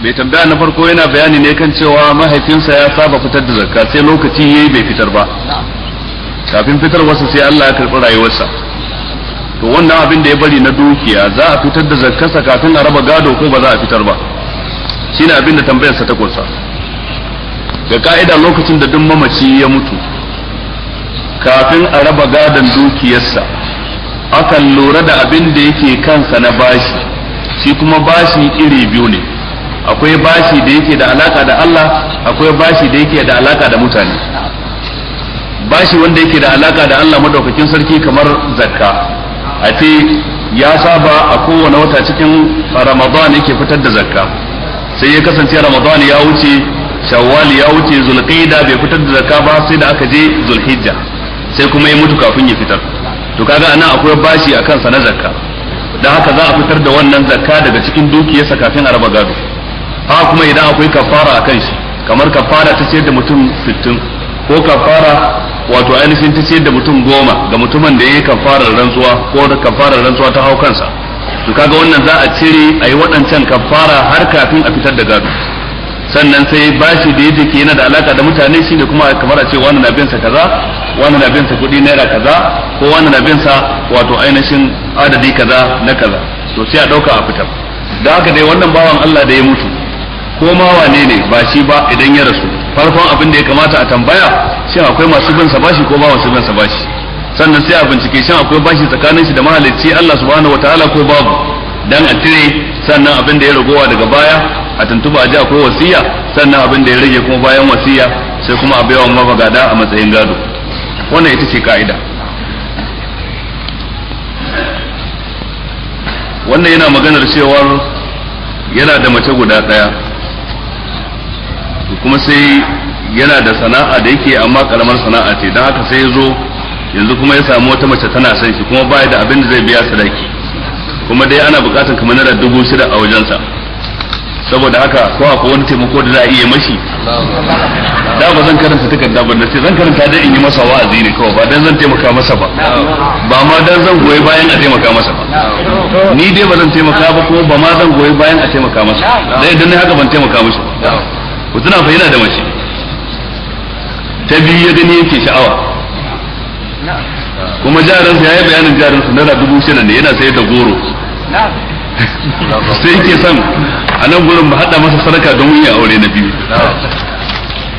mai tambaya na farko yana bayani ne kan cewa mahaifinsa ya saba fitar da zakka sai lokaci yi bai fitar ba kafin fitar wasu sai Allah ya karɓi rayuwarsa to wannan abin da ya bari na dukiya za a fitar da zakkarsa kafin a raba gado ko ba za a fitar ba shine abin da tambayarsa ta kursa ga ka'ida lokacin da duk mamaci ya mutu kafin a raba gadon dukiyarsa akan lura da abin da yake kansa na bashi shi kuma bashi iri biyu ne akwai bashi da yake da alaka da Allah akwai bashi da yake da alaka da mutane bashi wanda yake da alaka da Allah madaukakin sarki kamar zakka a ce ya saba a kowane wata cikin Ramadan yake fitar da zakka sai ya kasance Ramadan ya wuce Shawwal ya wuce zulqaida bai fitar da zakka ba sai da aka je Zulhijja sai kuma ya mutu kafin ya fitar to kaga anan akwai bashi akan sa na zakka dan haka za a fitar da wannan zakka daga cikin dukiyarsa kafin a raba gado ha kuma idan akwai kafara a kan shi kamar kafara ta ciyar da mutum sittin ko kafara wato ainihin ta ciyar da mutum goma ga mutumin da ya yi kafarar rantsuwa ko da kafarar rantsuwa ta hau kansa to kaga wannan za a cire a yi waɗancan kafara har kafin a fitar da gado sannan sai bashi da yake yana da alaka da mutane shine kuma kamar a ce wani na binsa kaza wani na binsa kuɗi naira kaza ko wani na binsa wato ainihin adadi kaza na kaza to sai a ɗauka a fitar da haka dai wannan bawan Allah da ya mutu ko ma wane ne ba shi ba idan ya rasu farkon abin da ya kamata a tambaya shin akwai masu bin sa bashi ko ba masu bin sa bashi sannan sai a bincike shin akwai bashi tsakanin shi da mahalicci Allah subhanahu wataala ko babu dan a tire sannan abin da ya ragowa daga baya a tuntuba aji akwai wasiya sannan abin da ya rage kuma bayan wasiya sai kuma a baiwa mabagada a matsayin gado wannan ita ce ka'ida wannan yana maganar cewar yana da mace guda ɗaya to kuma sai yana da sana'a da yake amma karamar sana'a ce don haka sai ya zo yanzu kuma ya samu wata mace tana son shi kuma baya da abin da zai biya sadaki kuma dai ana bukatar kamar naira dubu shida a wajensa saboda haka ko akwai wani taimako da za a iya mashi da ba zan karanta takarda ba sai zan karanta dan in yi masa wa'azi ne kawai ba dan zan taimaka masa ba ba ma dan zan goyi bayan a taimaka masa ba ni dai ba zan taimaka ba kuma ba ma zan goyi bayan a taimaka masa dai idan haka ban taimaka masa ba Mutum a fa yana da mace ta biyu ya gani yake sha'awa kuma jaransa ya yi bayanin jaransa na dubu shida ne yana sayar da goro sai yake son a nan gurin ba hada masa sadaka don yin aure na biyu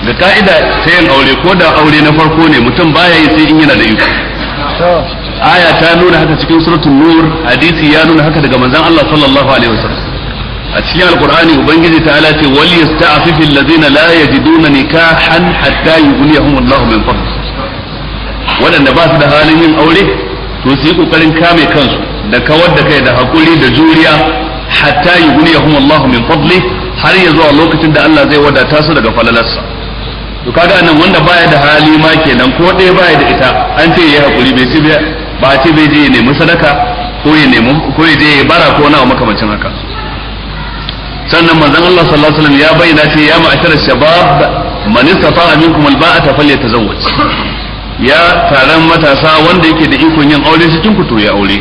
da ka'ida ta yin aure ko da aure na farko ne mutum baya yi sai in yana da iko aya ta nuna haka cikin suratul nur hadisi ya nuna haka daga manzon Allah sallallahu alaihi wasallam a cikin alkur'ani ubangiji ta ce wal yasta'fifu allazina la yajiduna nikahan hatta yughniyahum Allahu min fadli wadanda ba su da halin yin aure to su yi kokarin kame kansu da kawar da kai da hakuri da juriya hatta yughniyahum Allahu min fadli har ya zuwa lokacin da Allah zai wadata su daga falalarsa to kaga anan wanda baya da hali ma kenan ko ɗaya baya da ita an ce yayi hakuri bai ci ba ce bai je ya nemi ko ya nemi ko ya je bara ko na makamancin haka sannan manzon Allah sallallahu alaihi wasallam ya bayyana ce ya ma'ashar shabab man istata'a minkum alba'ata falyatazawwaj ya taron matasa wanda yake da ikon yin aure cikin ku to ya aure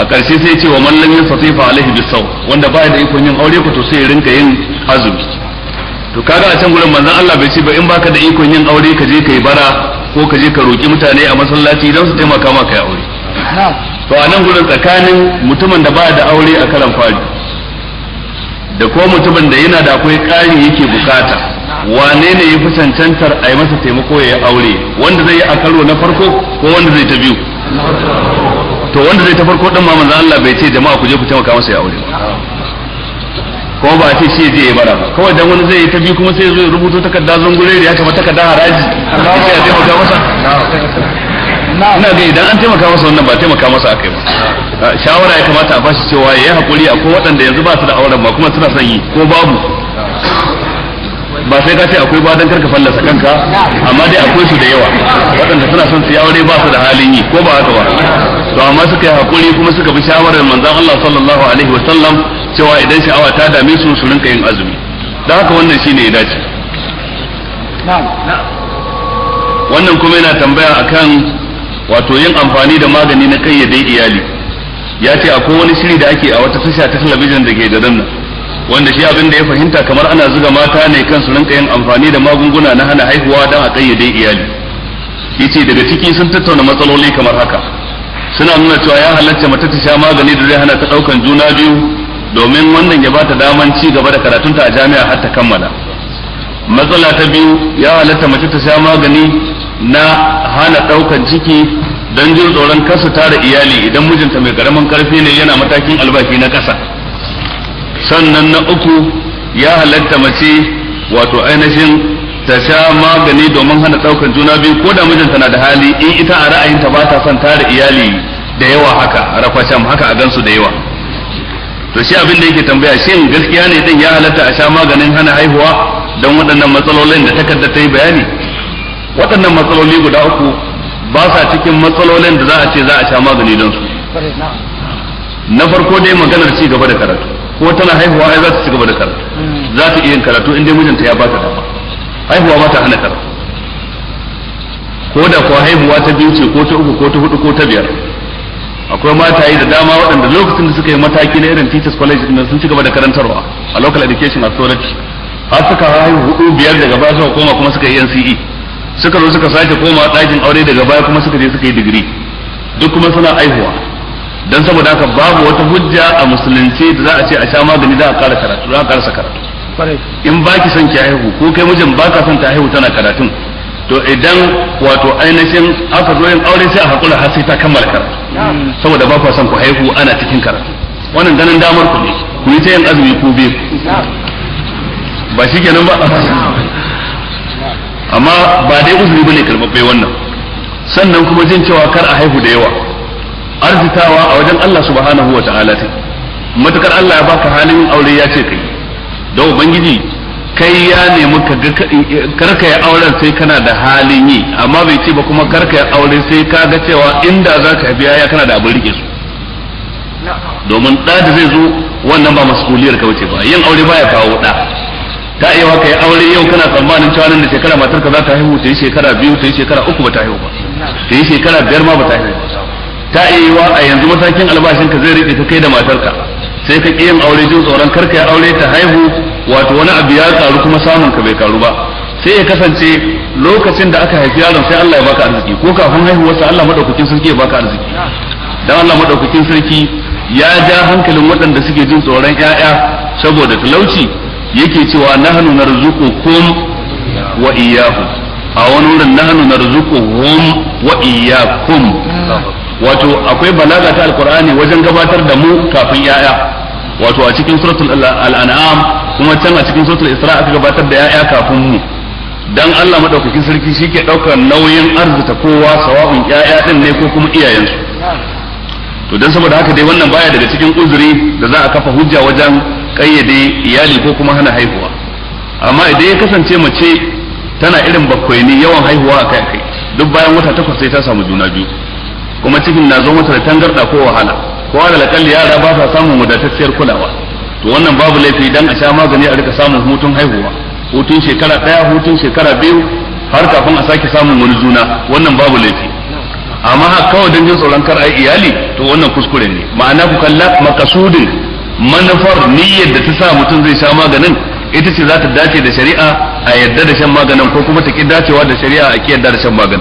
a ƙarshe sai ce wa mallan yin fatifa alaihi bisaw wanda baya da ikon yin aure ku to sai rinka yin azumi to kaga a can gurin manzon Allah bai ce ba in baka da ikon yin aure ka je kai bara ko ka je ka roki mutane a masallaci don su taimaka maka ya aure to a nan gurin tsakanin mutumin da baya da aure a karan fari da ko mutumin da yana da akwai ƙari yake bukata wane ne yafi cancantar a yi masa taimako ya aure wanda zai yi a karo na farko ko wanda zai ta biyu to wanda zai ta farko din ma manzo Allah bai ce jama'a ku je ku taimaka masa ya aure kuma ba ce shi je ya bara ba kawai dan wani zai yi ta biyu kuma sai zai rubuto takarda zungure ya kama takarda haraji sai ya taimaka masa ina ga idan an taimaka masa wannan ba taimaka masa akai ba shawara ya kamata a bashi cewa ya yi a akwai waɗanda yanzu ba su da auren ba kuma suna son yi ko babu ba sai ka ce akwai ba don karka fallasa kanka amma dai akwai su da yawa waɗanda suna son su yi aure ba su da halin yi ko ba haka ba to amma suka yi hakuri kuma suka bi shawarar manzon Allah sallallahu alaihi wa sallam cewa idan sha'awa ta dame su su rinka yin azumi da haka wannan shine ya dace wannan kuma yana tambaya akan wato yin amfani da magani na kai dai iyali ya ce akwai wani shiri da ake a wata tasha ta talabijin da ke garin nan wanda shi abin da ya fahimta kamar ana zuga mata ne kan su rinka yin amfani da magunguna na hana haihuwa don a kayyade iyali yace daga ciki sun tattauna matsaloli kamar haka suna nuna cewa ya halatta mata ta sha magani da zai hana ta daukan juna biyu domin wannan ya bata daman ci gaba da karatunta a jami'a har ta kammala matsala ta biyu ya halatta mace ta sha magani na hana daukan ciki dan jin tsoron kasa tara iyali idan mijinta mai karamin karfi ne yana matakin albashi na kasa sannan na uku ya halatta mace wato ainihin ta sha magani domin hana daukar juna biyu ko da mijinta na da hali in ita a ra'ayinta ba ta son tara iyali da yawa haka rafasham haka a gansu da yawa to shi abin da yake tambaya shin gaskiya ne din ya halatta a sha maganin hana haihuwa don waɗannan matsalolin da takarda ta yi bayani waɗannan matsaloli guda uku ba sa cikin matsalolin da za a ce za a sha magani don su na farko dai maganar ci gaba da karatu ko tana haihuwa ai za ta ci gaba da karatu mm. za ta iya yin karatu in dai mijinta ya ba ta dama haihuwa ba ta hana karatu ko da ko haihuwa ta biyu ce ko ta uku ko ta hudu ko ta biyar akwai yi da dama waɗanda lokacin da suka yi mataki na irin teachers college din sun ci gaba da karantarwa a local education authority har suka haihu hudu biyar daga baya suka koma kuma suka yi NCE suka zo suka sake koma ɗakin aure daga baya kuma suka je suka yi digiri duk kuma suna aihuwa dan saboda haka babu wata hujja a musulunci da za a ce a sha magani za a ƙara karatu za a ƙarasa karatu in baki son ki haihu ko kai mijin baka son ta haihu tana karatun to idan wato ainihin aka zo yin aure sai a hakura har sai ta kammala karatu saboda ba ku son ku haihu ana cikin karatu wannan ganin damar ku ne ku yi ta yin azumi ku biyu ba shi kenan ba amma ba dai uzuri bane karbabbe wannan sannan kuma jin cewa kar a haihu da yawa arzitawa a wajen Allah subhanahu wa ta'ala ta matukar Allah ya baka halin aure ya ce kai da ubangiji kai ya nemi karka ya auren sai kana da halin yi amma bai ce ba kuma karka ya aure sai ka ga cewa inda za ka biya ya kana da abin rike su domin da zai zo wannan ba masuliyar ka wuce ba yin aure baya kawo ɗa ta iya ka yi aure yau kana tsammanin cewa nan da shekara matar ka za ta haihu ta yi shekara biyu ta shekara uku ba ta haihu ba ta shekara biyar ma ba ta haihu ta iya wa a yanzu matakin albashin ka zai rike ka kai da matarka sai ka yin aure jin tsoron karka yi aure ta haihu wato wani abu ya karu kuma samun ka bai karu ba sai ya kasance lokacin da aka haifi yaron sai Allah ya baka arziki ko kafin haihuwarsa Allah madaukakin sarki ya baka arziki dan Allah madaukakin sarki ya ja hankalin waɗanda suke jin tsoron ƴaƴa saboda talauci yake cewa nahnu narzuqukum wa iyyakum a wani wurin nahnu narzuquhum wa iyyakum wato akwai balaga ta alqur'ani wajen gabatar da mu kafin yaya wato a cikin suratul al'an'am kuma can a cikin suratul isra aka gabatar da yaya kafin mu dan Allah madaukakin sarki shi ke daukar nauyin arzuta kowa sawabin yaya din ne ko kuma iyayensu to dan saboda haka dai wannan baya daga cikin uzuri da za a kafa hujja wajen kayyade iyali ko kuma hana haihuwa amma idan ya kasance mace tana irin bakwai ne yawan haihuwa a kai kai duk bayan wata takwas sai ta samu juna biyu kuma cikin na zo mata da tangarda ko wahala ko da lakalli yara ba sa samun wadatacciyar kulawa to wannan babu laifi dan a sha magani a rika samun hutun haihuwa hutun shekara daya hutun shekara biyu har kafin a sake samun wani juna wannan babu laifi amma haka kawai don jin tsoron kar ai iyali to wannan kuskure ne ma'ana ku kalla makasudin manufar niyyar da ta sa mutum zai sha maganin ita ce za ta dace da shari'a a yadda da shan maganin ko kuma ta ki dacewa da shari'a a ki yadda da shan maganin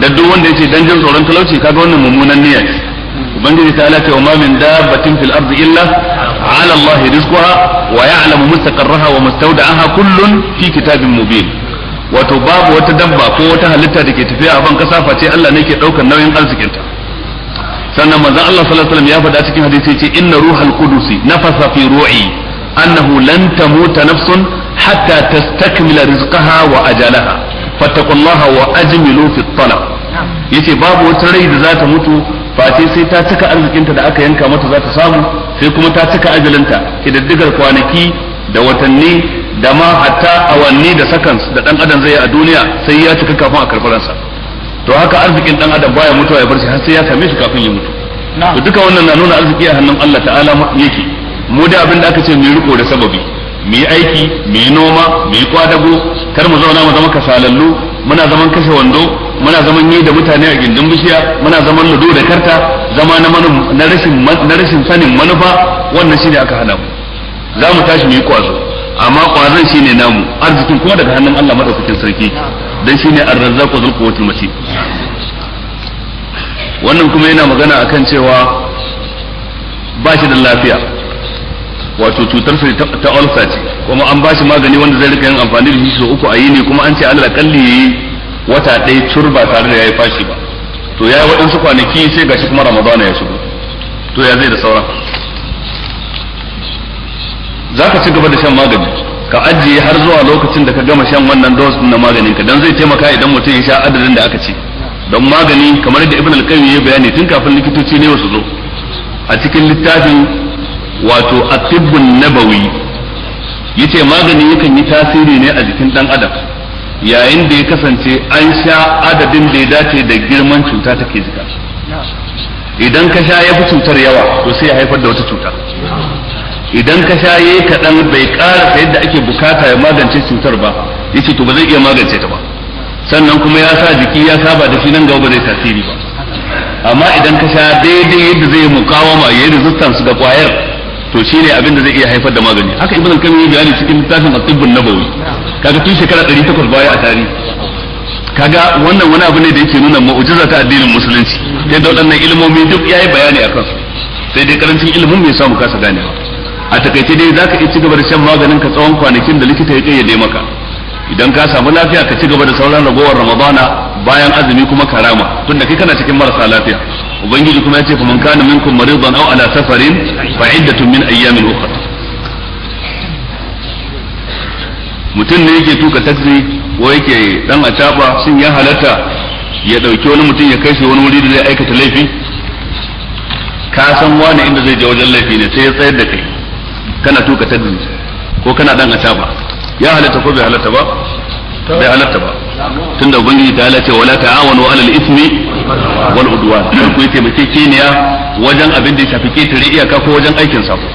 da duk wanda yace dan jin tsoron talauci kaga wannan mummunan niyya ce ubangiji ta ala ce wa ma min dabbatin fil ardi illa ala allah rizquha wa ya'lamu mustaqarraha wa mustawda'aha kullun fi kitabin mubin wato babu wata dabba ko wata halitta da ke tafiya a ban kasa face Allah ne ke daukar nauyin arzikinta sannan manzon Allah sallallahu alaihi wasallam ya faɗa cikin hadisi yace inna ruhal qudusi nafasa fi ru'i annahu lan tamuta nafsun hatta tastakmila rizqaha wa ajalaha fattaqullaha wa ajmilu fi talab yace babu wata rai da zata mutu face sai ta cika arzikinta da aka yanka mata zata samu sai kuma ta cika ajalinta kididdigar kwanaki da watanni da ma hatta awanni da sakans da dan adam zai a duniya sai ya cika kafin a karɓaransa to haka arzikin dan adam baya mutuwa ya bar shi har sai ya same shi kafin ya mutu to duka wannan na nuna arziki a hannun Allah ta'ala yake mu da abin da aka ce mu riko da sababi mu yi aiki mu yi noma mu yi kwadago kar mu zauna mu zama kasalallu muna zaman kashe wando muna zaman yi da mutane a gindin bishiya muna zaman ludo da karta zama na rashin na rashin sanin manufa wannan shine aka hana mu za mu tashi mu yi kwazo amma kwazon ne namu arzikin kuma daga hannun Allah madaukakin sarki dan shine ar-razzaq wa zulquwatul wannan kuma yana magana akan cewa ba shi da lafiya wato cutar sa ta ulcer ce kuma an ba shi magani wanda zai rika yin amfani da shi sau uku a yi ne kuma an ce Allah kalli yayi wata ɗaya turba tare da yayi fashi ba to yayi waɗansu kwanaki sai gashi kuma Ramadana ya shigo to ya zai da sauran zaka ci gaba da shan magani ka ajiye har zuwa lokacin da ka gama shan wannan dose din na maganin ka dan zai taimaka idan mutum ya sha adadin da aka ce don magani kamar da ibn al-qayyim ya bayani tun kafin likitoci ne su zo a cikin littafin wato at-tibbun nabawi yace magani yakan yi tasiri ne a jikin dan adam yayin da ya kasance an sha adadin da ya dace da girman cuta take jika idan ka sha yafi cutar yawa to sai ya haifar da wata cuta idan ka sha kaɗan bai ƙara ƙarasa yadda ake bukata ya magance cutar ba yace to ba zai iya magance ta ba sannan kuma ya sa jiki ya saba da shi nan gaba ba zai tasiri ba amma idan ka sha daidai yadda zai mukawama zuttan su ga kwayar to shine abin da zai iya haifar da magani haka ibn al-qayyim ya bayani cikin littafin at-tibbun nabawi kaga tun shekara 108 baya a tarihi kaga wannan wani abu ne da yake nuna mu'jiza ta addinin musulunci sai da waɗannan ilmomi duk yayi bayani akan su sai dai karancin ilimin bai samu kasa ganewa a takaice dai zaka iya ci gaba da shan maganin ka tsawon kwanakin da likita ya kayyade maka idan ka samu lafiya ka ci gaba da sauran ragowar ramadana bayan azumi kuma karama tunda kai kana cikin marasa lafiya ubangiji kuma ya ce kuma kana minkum maridan aw ala safarin fa iddatun min ayyamin ukhra mutum ne yake tuka taxi ko yake dan acaba shin ya halatta ya dauki wani mutum ya kai shi wani wuri da zai aikata laifi ka san wani inda zai je wajen laifi ne sai ya tsayar da kai kana tuka tadli ko kana dan a ataba ya halatta ko bai halatta ba bai halatta ba tunda ubangiji ta halatta wala ta'awanu al-ithmi wal udwan ku yi taimakekeniya wajen abin da ya shafi ketare iyaka ko wajen aikin sabo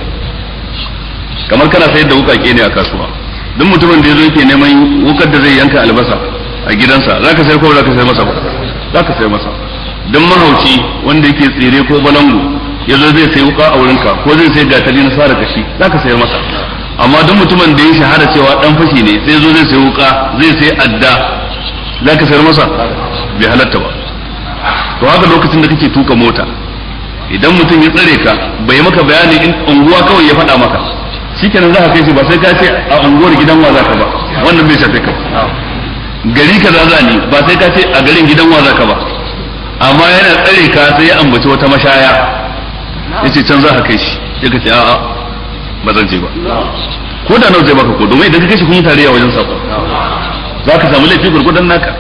kamar kana sayar da wuka ne a kasuwa duk mutumin da ya zo yake neman wukar da zai yanka albasa a gidansa zaka sayar ko zaka sayar masa ba zaka sayar masa duk mahauci wanda yake tsire ko balangu ya zo zai sai wuka a wurinka ko zai sai gatari na sara kashi za ka sayar masa amma don mutumin da ya shahara cewa dan fashi ne sai zo zai sai wuka zai sai adda za ka sayar masa bai halatta ba to haka lokacin da kake tuka mota idan mutum ya tsare ka bai maka bayani in unguwa kawai ya faɗa maka shikenan za ka kai shi ba sai ka ce a unguwar gidan wa za ka ba wannan bai shafe ka gari ka za ni ba sai ka ce a garin gidan wa za ka ba amma yana tsare ka sai ya ambaci wata mashaya yace can za ka kai shi ya ka ce a'a ba zan je ba ko da nawa zai baka ko domin idan ka kai shi kun yi tarayya wajen sako za ka samu laifi gurgudan naka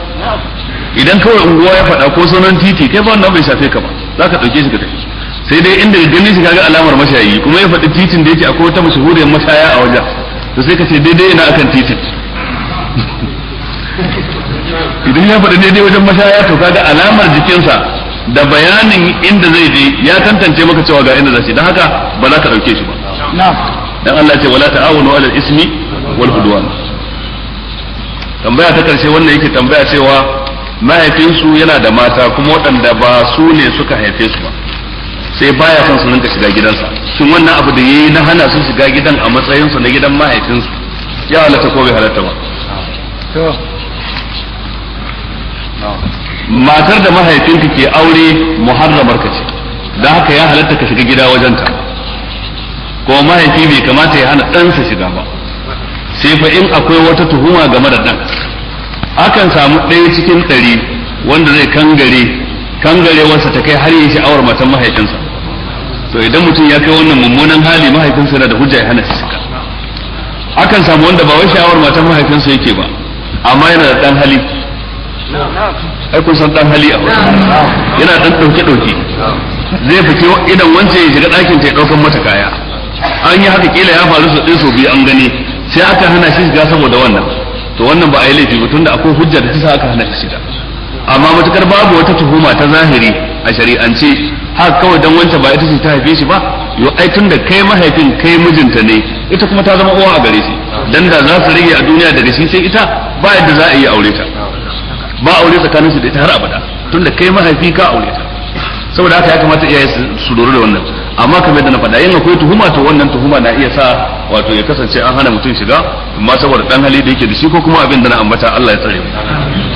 idan kawai unguwa ya faɗa ko sunan titi kai ba wannan bai shafe ka ba za ka ɗauke shi ka tafi sai dai inda gani shi kaga alamar mashayi kuma ya faɗi titin da yake akwai wata mashahuriyar mashaya a wajen to sai ka ce daidai ina akan titin idan ya faɗi daidai wajen mashaya to kaga alamar jikinsa da bayanin inda zai je ya tantance maka cewa ga inda zai dan haka ba za ka dauke shi ba dan Allah ce wala ta'awunu alal ismi wal udwan tambaya ta karshe wannan yake tambaya cewa mahaifinsu yana da mata kuma waɗanda ba su ne suka haife su ba sai baya son su ninka shiga gidansa shin wannan abu da yayi na hana su shiga gidan a matsayin su na gidan mahaifinsu ya halatta ko bai halatta ba to matar da mahaifinka ke aure muharramar ka ce da haka ya halatta ka shiga gida wajenta ko mahaifi bai kamata ya hana ɗansa shiga ba sai fa in akwai wata tuhuma game da ɗan akan samu ɗaya cikin ɗari wanda zai kangare wasa ta kai har yi awar matan mahaifinsa to idan mutum ya kai wannan mummunan hali mahaifinsa yana da hujja ya hana shi shiga akan samu wanda ba wai shawar matan mahaifinsa yake ba amma yana da ɗan hali ai kun san dan hali a wata yana dan dauke dauke zai fice idan wance ya shiga ɗakin ta ya daukan mata kaya an yi haka kila ya faru su ɗin so biyu an gani sai aka hana shi shiga saboda wannan to wannan ba a yi laifi ba tunda akwai hujja da ta aka hana shi shiga amma matukar babu wata tuhuma ta zahiri a shari'ance haka kawai dan wance ba ita ce ta haife shi ba yo ai tunda kai mahaifin kai mijinta ne ita kuma ta zama uwa a gare shi dan da za su rage a duniya daga shi sai ita ba yadda za a yi aure ta ba aure tsakanin su da ita har abada tunda kai mahaifi ka aure ta saboda haka ya kamata iyaye su lura da wannan amma kamar da na faɗa yin akwai tuhuma to wannan tuhuma na iya sa wato ya kasance an hana mutum shiga amma saboda dan hali da yake da shi ko kuma abin da na ambata Allah ya tsare mu